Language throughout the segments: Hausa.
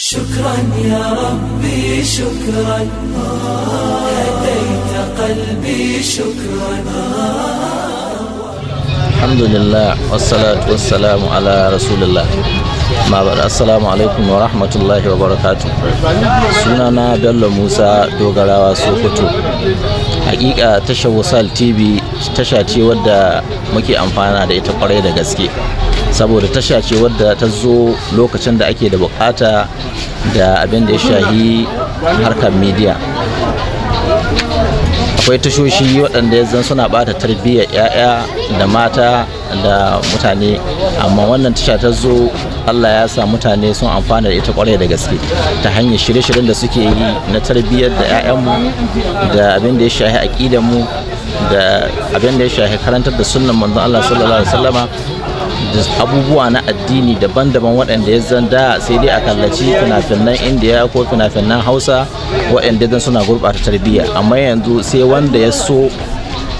شكرا يا ربي شكرا هديت قلبي شكرا الحمد لله والصلاة والسلام على رسول الله ma bada wa rahmatullahi wa barakatu sunana bello musa dogarawa sokoto hakika tashar wasal tv tasha ce wadda muke amfana da ita kwarai da gaske saboda tasha ce wadda ta zo lokacin da ake da bukata da abin da ya shahi harkar media akwai tashoshi waɗanda ya zan suna ɓata tarbiyyar 'ya'ya da mata da mutane amma wannan tasha ta zo allah ya sa mutane sun amfana da ita kwarai da gaske ta hanyar shirye-shiryen da suke yi na tarbiyyar da 'ya'yanmu da abin da ya shahi aƙidanmu da abin da ya shahi karantar da sunan manzon allah sallallahu alaihi wasallama da abubuwa na addini daban-daban waɗanda ya zanda sai dai a kallaci fina-finan indiya ko fina-finan hausa waɗanda dan suna gurɓata tarbiyya amma yanzu sai wanda ya so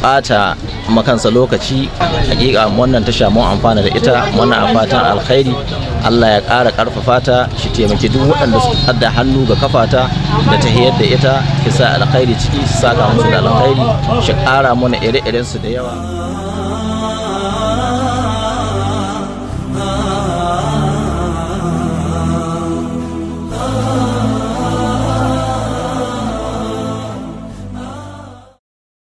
bata makansa lokaci hakika wannan tasha mun amfana da ita muna fatan alkhairi Allah ya kara ƙarfafa ta shi taimaki duk waɗanda su da hannu ga kafata da ta hiyar da ita ki sa alkhairi ciki saka musu da alkhairi shi kara mana ire iren su da yawa